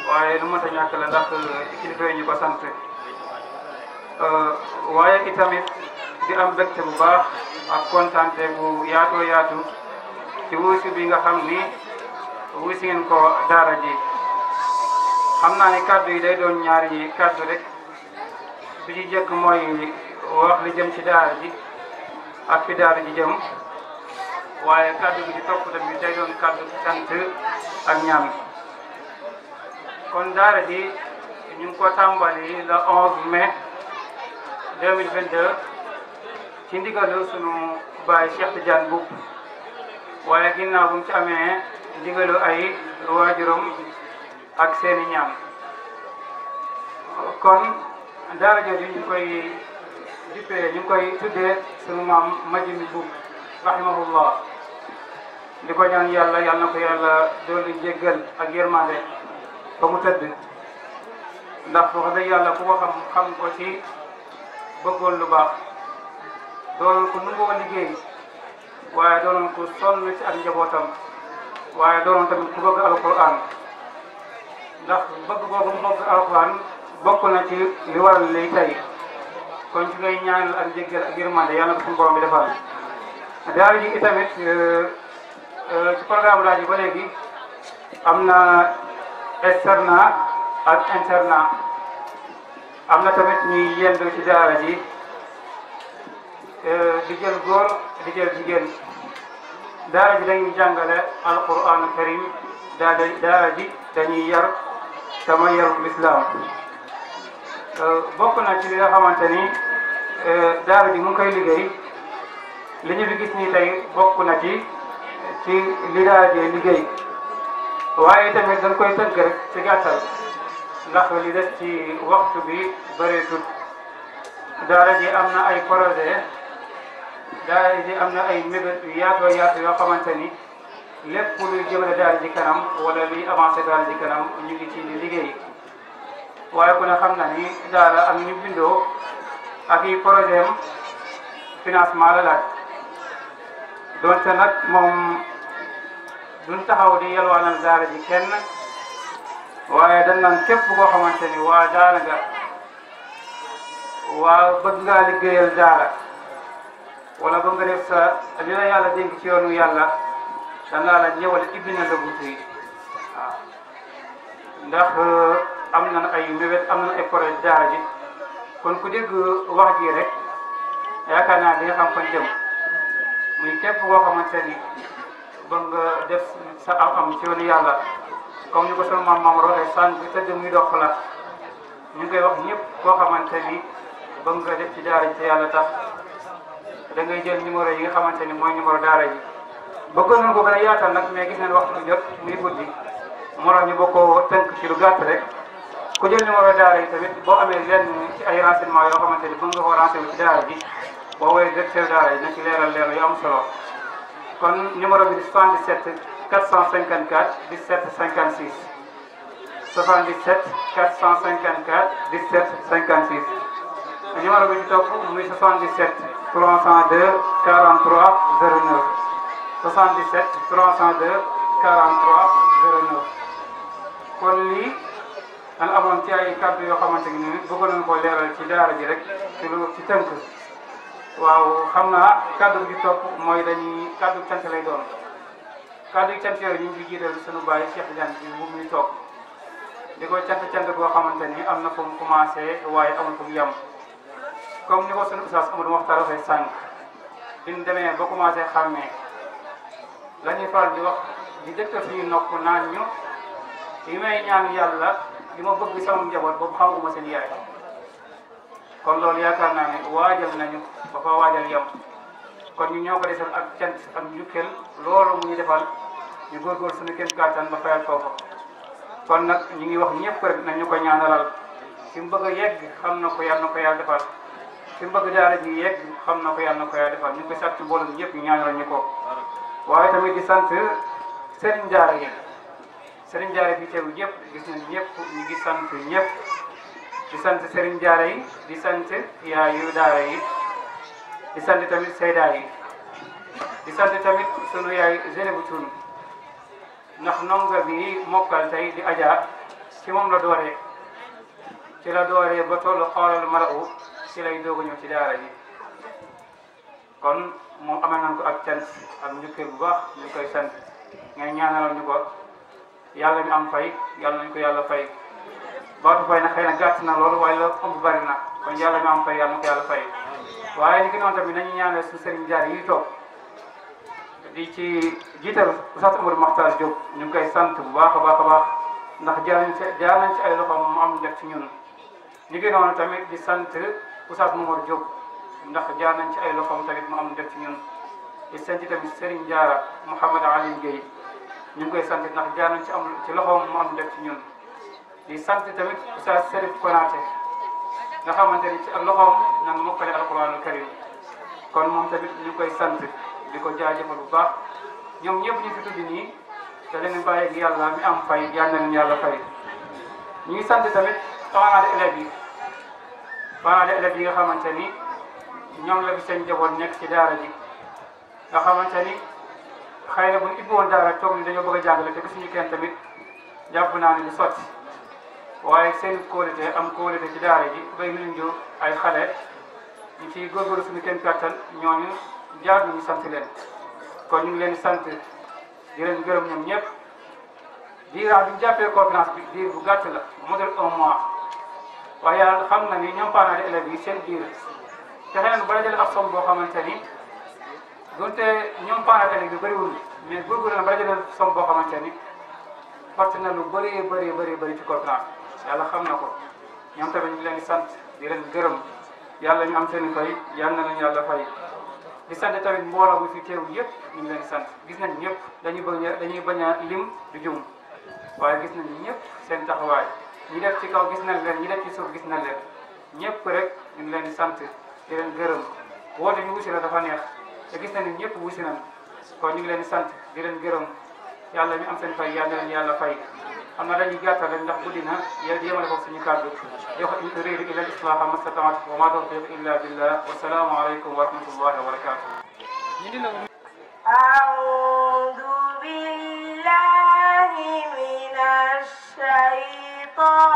waaye lu mot a ñàkk la ndax euh, kilifa yi ñu ko sant euh, waaye itamit di am bu baax ak kontante bu yaatoo yaatu ci wuusi bi nga xam ni wuusi ngeen ko daara ji. xam naa ni kaddu yi day doon ñaari yi kaddu rek bi jëkk mooy wax li jëm ci daara ji ak fi daara ji jëm waaye kaddu bi ci topp tamit day doon kaddu sant ak ñaan kon daara ji ñu ngi ko tàmbali le 11 mai 2022 ci ndigalu sunu baay Cheikh Tidiane Mboup waaye ginnaaw bu mu ci amee ndigalu ay waajuram ak seeni ñaan kon daara jooju ñu ngi koy juppee ñu ngi koy tuddee sunu di ko ñaan yàlla yàlla na ko yàlla dooli njéggal ak yërmande mu tëdd ndax wax dëgg yàlla ku ko xam xam ko ci bëggoon lu baax doon ko nungoo liggéey waaye doonoon ko sonn ci ak njabootam waaye doonoon tamit ndax bëgg boobu mu bëgg alxuraan bokk na ci li waral lay tey kon ci ngay ñaanal ak jéggal ak yërmande yàlla na ko suñu borom bi defal daara ji itamit euh, euh, ci programme daara ji ba léegi am na externat ak internat am na tamit ñuy yendu ci daara ji euh, di jël góor di jël jigéen daara ji dañuy jàngale alquran karim daara ji dañuy yar te mooy yaru lislaam euh, bokk na ci li nga xamante ni euh, daara ji mu ngi koy liggéey li ñu fi gis nii tey bokk na ci ci li daara ji liggéey waaye tamit dañ koy tënk rek ci gàttal ndax li des ci waxtu bi bëreetut daara ji am na ay projet daara ji am na ay mébét yu yaatoo yaatu yoo xamante ni lépp luy jëmale daal ji kanam wala li avancé daal di kanam ñu ngi ci di liggéey waaye ku ne xam na ni daara ak ñu bindoo ak yi projet am financement la laaj donte nag moom duñ taxaw di yalwaanal daara ji kenn waaye dañ naan képp koo xamante ni waa daara nga waa bëgg ngaa liggéeyal daara wala bëgg nga def sa li la yàlla dénk ci yoonu yàlla danaa la ñëwal ibbi na Lëbbu waaw ndax euh, am nan ay mbébét am na ay projet daara ji kon ku dégg wax ji rek yaakaar naa di nga xam fan jëm muy képp koo xamante ba nga def sa am-am ci yoonu yàlla comme ni ko sama maam maam roxee sànq tëdd muy dox la ñu ngi koy wax ñëpp koo xamante ni ba nga def ci daara ji te yàlla tax da jël numéro yi nga xamante ni mooy numéro daara ji. bëggoon nañ ko gën a yaatal nag mais gis nañ waxtu bi jot muy guddi moo tax ñu bokkoo tënk ci lu gàtt rek ku jël numéro daara yi tamit boo amee lenn ci ay renseignement yoo xamante ni bu nga ko bi ci daara ji boo woowee directeur daara yi na ci leeral leeral yu am solo kon numéro bi di 77 454 17 56 77 454 17 56 numéro bi di topp muy 77 302 43 77 302 43 09 kon lii dañ amoon ci ay kàddu yoo xamante ni bëgg nañ koo leeral ci daara ji rek ci lu ci tënk waaw xam naa kàddu gi topp mooy dañuy kàddu cant lay doon kàddu cant yooyu ñu ngi jiital suñu bàyyi Cheikh Diagne bi mu muy toog di ko cant cant boo xamante ni am na fu mu commencé waaye amul fu mu yem comme ni ko suñu ustaas Amadou Mokhtar waxee sànq bi mu demee ba commencé xàmmee la ñuy faral di wax di dëkkal suñu nokk naan ñu li may ñaan yàlla li ma bëgg sama njaboot boobu xamuma seen yaay kon loolu yaakaar naa ni waajal nañu ba fa waajal yam kon ñu ñoo ko desal ak cant ak njukkeel loolu mu ñu defal ñu góorgóor suñu kenn kàttan ba fayal foofu kon nag ñu ngi wax ñëpp rek nañu ko ñaanalal si mu bëgg a yegg xam na ko yàlla na ko yàlla defal fi mu bëgg daara ji yegg xam na ko yàlla na ko yàlla ko sàcc mbooloo ñëpp ñu ñaanal ñu ko waaye tamit di sant Serigne Diarra yëpp Serigne Diarra bi teew yëpp gis nañ ñu ngi sant ñëpp di sant Serigne Diarra yi di sant yaayu daara yi di sant tamit Seyda yi di sant tamit sunu yaay Zeynabou Thioune ndax ndongo bi mokkal tey di Adja ci moom la dooree ci la dooree ba tollu xoolal maraw ci lay doog ci daara yi kon. moom amal nañ ko ak cant ak njukkee bu baax ñu koy sant ngeen ñaanalal ñu ko yàlla ñu am fay yàlla nañ ko yàlla fay baatu fay na xëy na gàtt na loolu waaye la ëmb bari na kon yàlla ñu am fay yàlla na ko yàlla fay waaye ñu ngi noonu tamit nañu ñaanal suñu sëriñ jaar yi toog di ci jiital Oustaz Amadou Makhtar Diop ñu ngi koy sant bu baax a baax a baax ndax jaar nañ ci jaar nañ ci ay loxo am def ci ñun ñu ngi noonu tamit di sant Oustaz Mamadou Diop ndax jaar nañ ci ay loxoom tamit mu am def ci ñun di sant tamit Serigne Diarra Mouhamed Ali Gueye ñu ngi koy sant ndax jaar nañ ci am ci loxoom mu am def ci ñun di sant tamit Oustaz Serif Konaté nga xamante ni ci ak loxoom nan moo koy alquranul karim kon moom tamit ñu koy sant di ko jaajëfal bu baax ñoom ñëpp ñu fi tudd nii te leen bàyyi ak yàlla mi am fay yal nañu yàlla fay ñu ngi sant tamit parents d'élèves yi parents d'élèves yi nga xamante ni ñoom la fi seen njaboot nekk ci daara ji nga xamante ni xëy na bu ñu daara toog ni dañoo bëgg a jàngale te gisuñu kenn tamit jàpp naa ne du sotti waaye seen kóolute am kóolute ci daara ji bay ñu ñu ay xale ñu ciy góorgóorlu suñu kenn kattan ñooñu jaar ñu sant leen kon ñu ngi sant di leen gërëm ñoom ñëpp diiraa bi jàppee conférence bi diir bu gàtt la mu dul un mois waaye yàlla xam na ni ñoom parents d'élèves yi seen diir fexe nañu ba jël ab somme boo xamante ni donte ñoom parents d'élèves bëriwul mais góorgóorlu na ba jël somme boo xamante ni fàtte na lu bëree bëri bëri bëri ci conférence yàlla xam na ko ñoom tamit ñu leen sant di leen gërëm yàlla ñu am seen fay yàlla na leen yàlla fay. di sant tamit mbooloo bu fi teew yëpp ñu ngi leen sant gis nañ ñëpp dañuy bëgg dañuy bañ a lim du jum waaye gis nañ ñëpp seen taxawaay ñu def ci kaw gis nañ leen ñu def ci suuf gis na leen ñëpp rek ñu leen di di leen gërëm woote ñu wusi la dafa neex te gis nañu ñëpp wusi nañ kon ñu ngi leen sant di leen gërëm yàlla ñu am seen fay yàlla leen yàlla fay xam naa dañuy gàttal rek ndax guddi na yéen yéemale foofu suñu kàddu yoo xam ne réeru ila islaah ma stataat wa ma tawfiq illa billah wa salaamu aleykum wa rahmatullahi wa barakatuh أعوذ بالله من الشيطان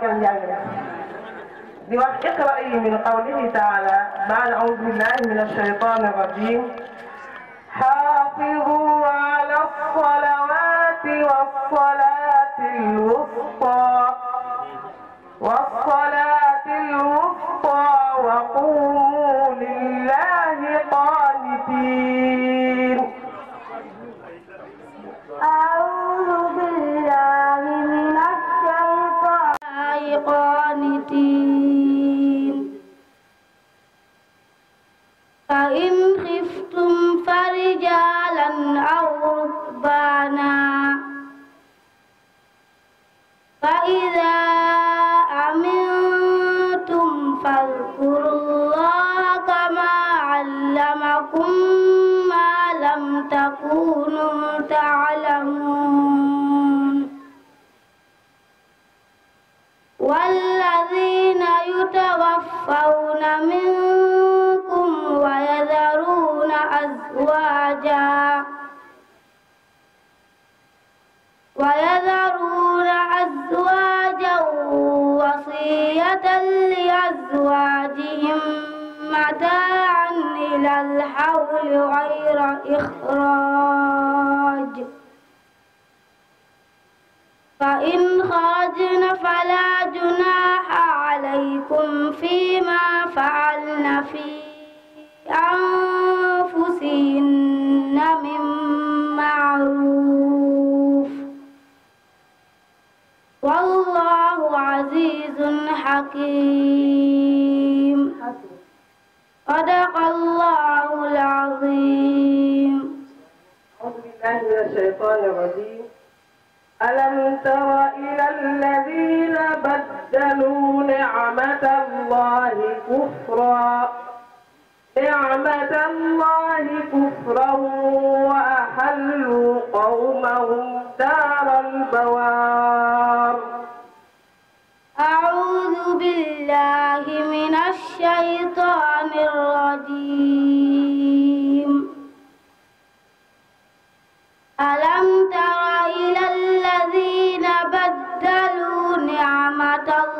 seen jàngale di wax iqra yi min qawlihi taala baad audu billahi min alcheytan arrajim إلى الحول غير إخراج فإن خرجن فلا جناح عليكم فيما فعلن في أنفسهن من معروف والله عزيز حكيم صدق الله العظيم أعوذ بالله من الشيطان الرجيم ألم تر إلى الذين بدلوا نعمة الله كفرا نعمة الله كفرا وأحلوا قومهم دار البوار أعوذ بالله من الشيطان الرجيم ألم تر إلى الذين بدلوا نعمة الله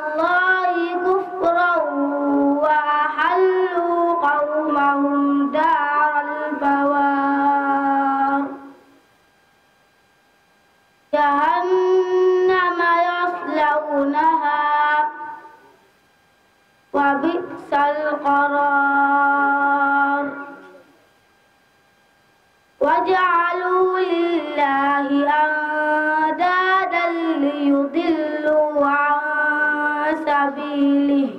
وبئس القرار وجعلوا لله أندادا ليضلوا عن سبيله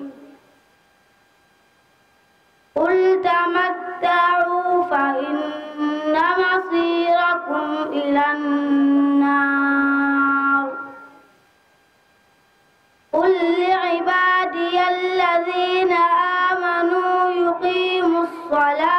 قل تمتعوا فإن مصيركم إلى النار قل الصلاة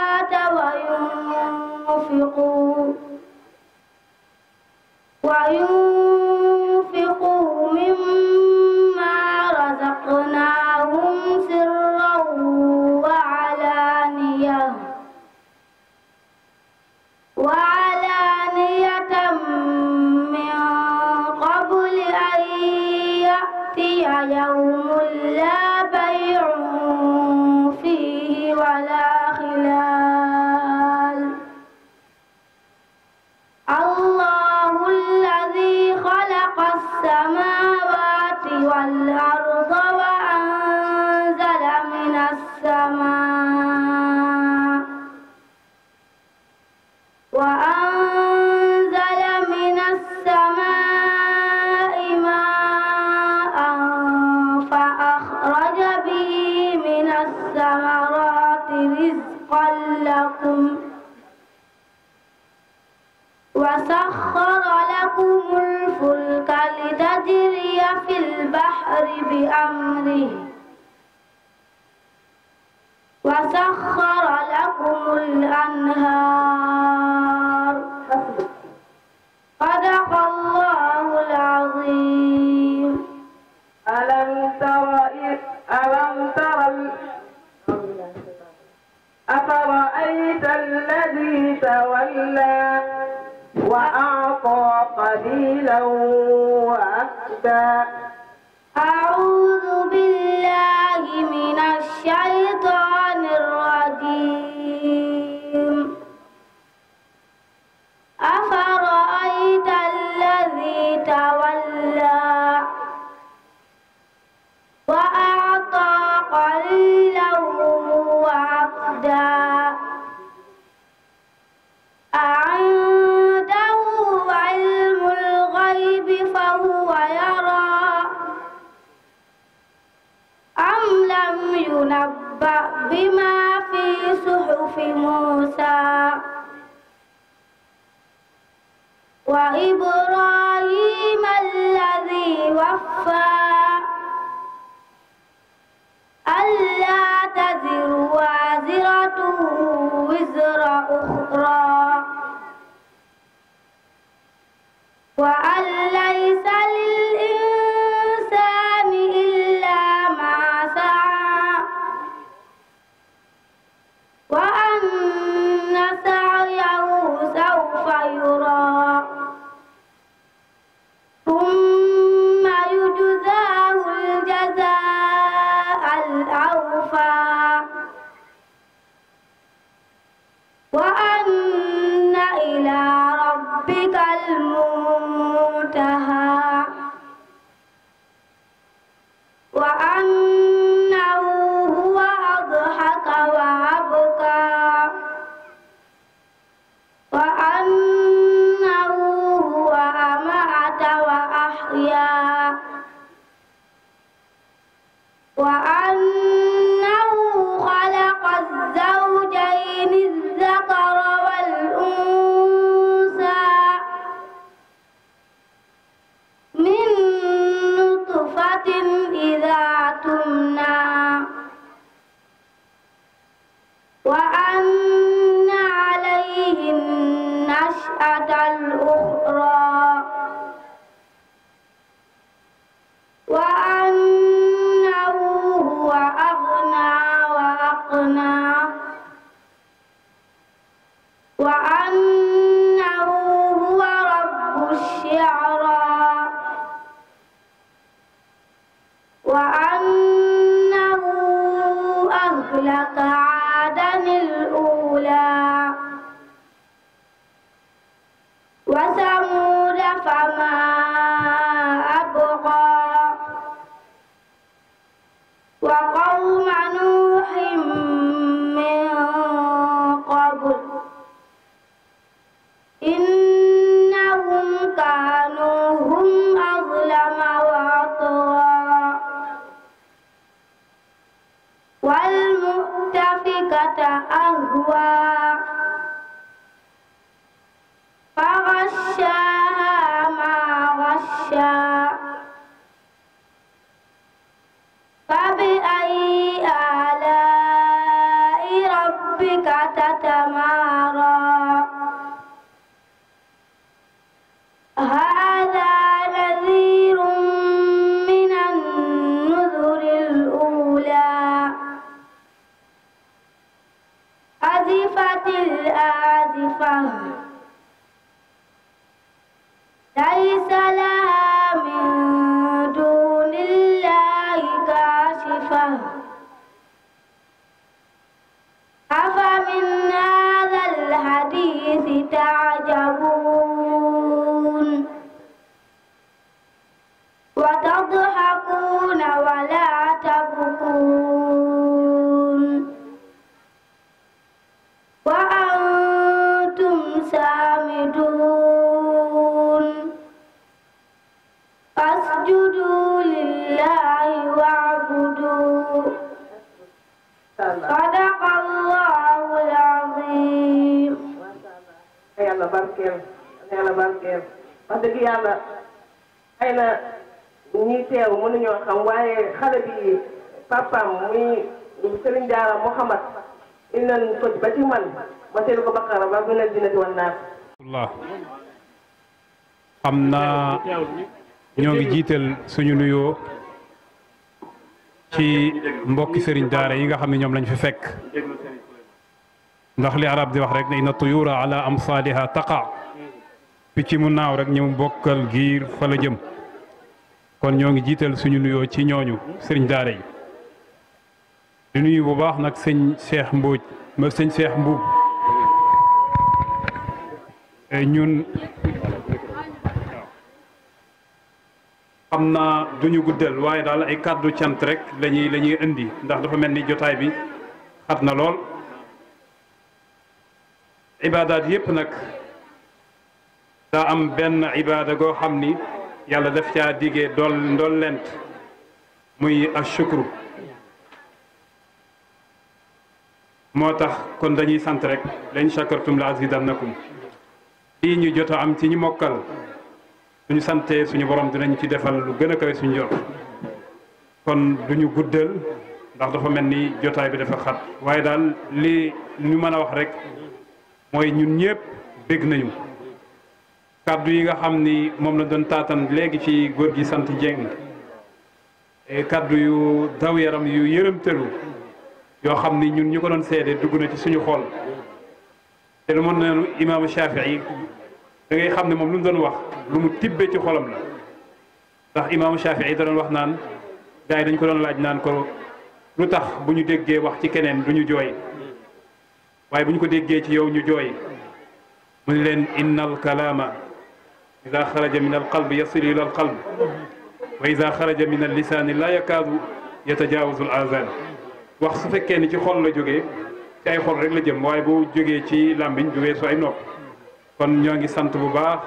sadaqallaahu al-aziim yàlla barkeel yàlla barkeel wax dëgg yàlla xëy na ñi teew mënuñoo xam waaye xale bi papam muy Sëriñ Daara Muhammad inan ko ba ci man ma seen ko baqara ba mu ne dinati wan naat xam naa ñoo ngi jiital suñu nuyoo ci mbokki sëriñ daara yi nga xam ne ñoom lañu fi fekk ndax li arab di wax rek ne inna tuyura ala amsaaliha taqa picc mu naaw rek ñu bokkal giir fa la jëm kon ñoo ngi jiital suñu nuyoo ci ñooñu sëriñ daara yi di nuyu bu baax nag sëñ Cheikh mbooj ma sëñ Cheikh Mbuub ñun xam naa duñu ñu guddal waaye daal ay kàddu cant rek lañuy la indi ndax dafa mel ni jotaay bi xat na lool ibaadaat yépp nag daa am benn ibaada goo xam ni yàlla daf caa digee dool ndool lent muy ashukru moo tax kon dañuy sant rek lañ shakartum la azidannakum lii ñu jot a am ci ñu mokkal suñu santee suñu borom dinañ ci defal lu gën a kawe suñu jot kon duñu guddal ndax dafa mel ni jotaay bi dafa xat waaye daal lii ñu mën a wax rek mooy ñun ñëpp bégg nañu kàddu yi nga xam ni moom la doon taatan léegi ci góor gi sant Dieng e kàddu yu daw yaram yu yërëmtalu yoo xam ni ñun ñu ko doon seede dugg na ci suñu xool te lu mën nañu imaamu Shafii da xam ne moom lu mu doon wax lu mu tibbee ci xolam la ndax imaamu Shafii da doon wax naan gars yi dañ ko doon laaj naan ko lu tax bu ñu déggee wax ci keneen du ñu jooy waaye bu ñu ko déggee ci yow ñu jooy mu ne leen inna alkalaama ida xaraja min alqalbi yasilu ila alqalb wa ida xaraja min allisaani laa yakaadu yatajaawazu alazan wax su fekkee ni ci xol la jóge ci ay xol rek la jëm waaye bu jógee ci làmbiñ du weesu ay nopp kon ñoo ngi sant bu baax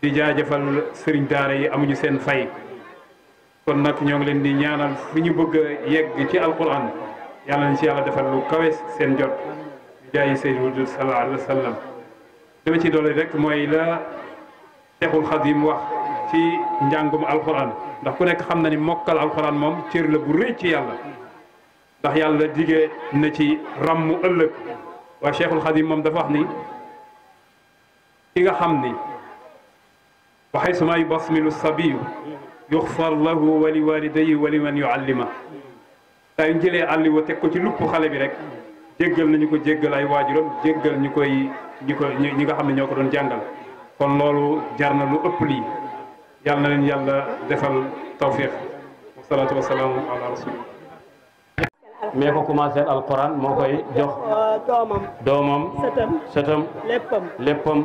di jaajëfal sëriñ daara yi amuñu seen fay kon nag ñoo ngi leen di ñaanal fi ñu bëgg yegg ci alquran yàlla nañ ci yàlla defal lu kawe seen jot di jaayi Seydou sallallahu alayhi wa sallam li ma ci doole rek mooy la Seexul Xadim wax ci njàngum alquran ndax ku nekk xam na ni mokkal alquran moom cër la bu rëy ci yàlla ndax yàlla digee na ci ràmm ëllëg waaye Seexul Xadim moom dafa wax ni. ki nga xam ni waxay su may basmilu sabiyu yuxfar lahu wa li walidayhi wa liman yuallima saa yu jëlee àll teg ko ci lupp xale bi rek jéggal nañu ko jéggal ay waajuram jéggal ñu koy ñi ko ñi nga xam ne ñoo ko doon jàngal kon loolu jar na lu ëpp lii yàlla na leen yàlla defal tawfiq wasalaatu wasalaamu ala rasulillah mais ko commencé alquran moo koy jox doomam doomam sëtam léppam léppam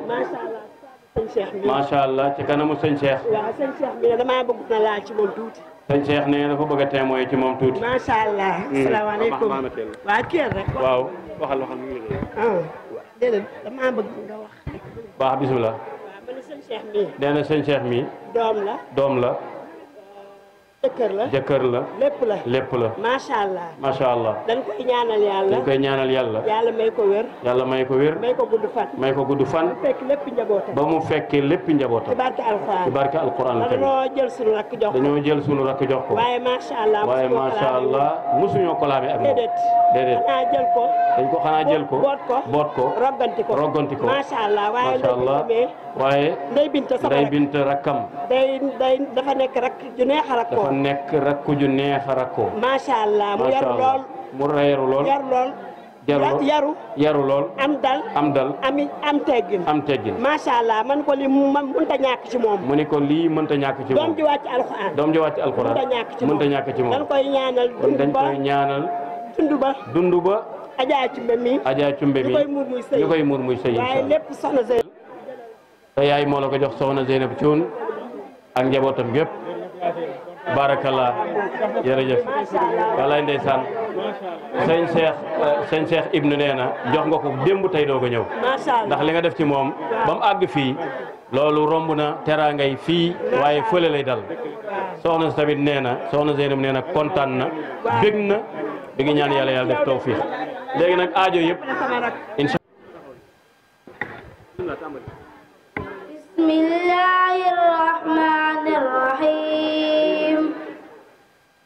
macha allah ci kanamu sëñ Cheikh. waaw sëñ Cheikh bi damaa bëgg na laaj ci moom tuuti. sëñ Cheikh nee dafa bëgg a témoin ci moom tuuti. macha allah. Mm. asalaamaaleykum waaw kër rek. waaw waxal waxal mu ngi lay. Ah, damaa bëgg nga wax. baax bisimilah. waaw mii. doom la doom la. jëkkër la jëkkër la lépp la lépp la macha allah macha allah dañ koy ñaanal yàlla dañ koy ñaanal yàlla yàlla may ko wér yàlla may ko wér may ko gudd fan may ko gudd fan ba mu fekk lépp njabootam ba mu fekk lépp njabootam ci barke alquran ci barke alquran dañoo jël suñu rakk jox ko dañoo jël suñu rakk jox ko waaye macha allah waaye macha allah musuñoo kolaame ak moom déedéet xanaa jël ko dañ ko xanaa jël ko boot ko boot ko rogganti ko rogganti ko macha allah macha allah waaye ndey binta rakkam day day dafa nekk rakk ju neex a rakkoo nekk rakku ju neex a rakkoo. macha allah mu yaru lool mu yaru lool yaru lool. yaru yaru lool am dal am dal am teggin am teggin macha allah man ko lii mënta ñàkk ci moom mu ni ko lii mënta ñàkk ci mënta ñàkk ci moom dañ koy ñaanal kon dañ ajaa cumbe mi ajaa cumbe mi ñu koy muur muy sëy waaye lépp soxna Zeynab te yaay ko jox Cuun ak njabootam gépp barakallah jërëjëf walaay ndeysaan sëñ Cheikh eh, sëñ Cheikh nee na jox nga ko démb tey doo ko ñëw ndax li nga def ci moom ba mu àgg fii loolu romb na teraangay fii waaye fële lay dal soxna si tamit nee na soxna Zeynab nee na kontaan na bég na bi gi ñaan yàlla yàlla def tawfiix léegi nag aajo yépp incha bismillaahi rahmaani rahiim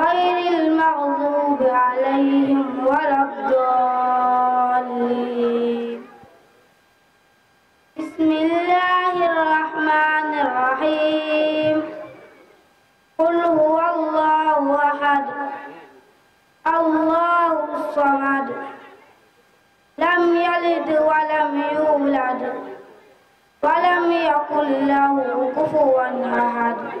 غير المغضوب عليهم ولا الضالين بسم الله الرحمن الرحيم قل هو الله أحد الله الصمد لم يلد ولم يولد ولم يكن له كفوا أحد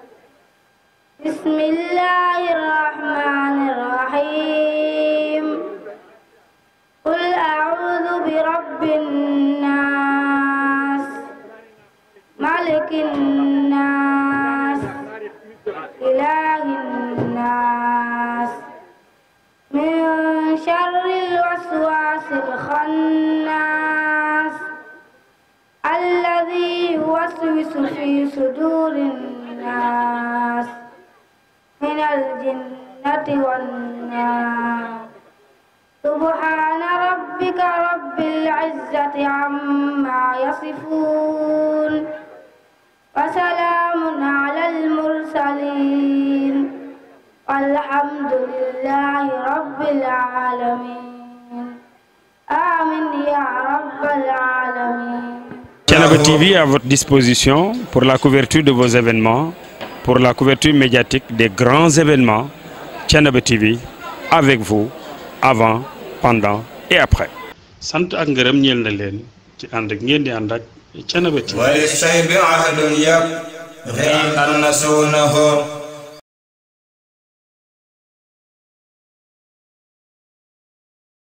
بسم الله الرحمن الرحيم قل أعوذ برب الناس ملك الناس إله الناس من شر الوسواس الخناس الذي يوسوس في صدور الناس من الجنة والنار سبحان ربك رب العزة عما يصفون وسلام على المرسلين والحمد لله رب العالمين آمين يا رب العالمين Thiénaba TV à votre disposition pour la couverture de vos événements pour la couverture médiatique des grands événements Thiénaba TV avec vous avant pendant et après. sant ak ngërëm ñeel na leen ci ànd ak ngeen di ànd ak Thiénaba TV. wali say bi ahadun yab. xëy na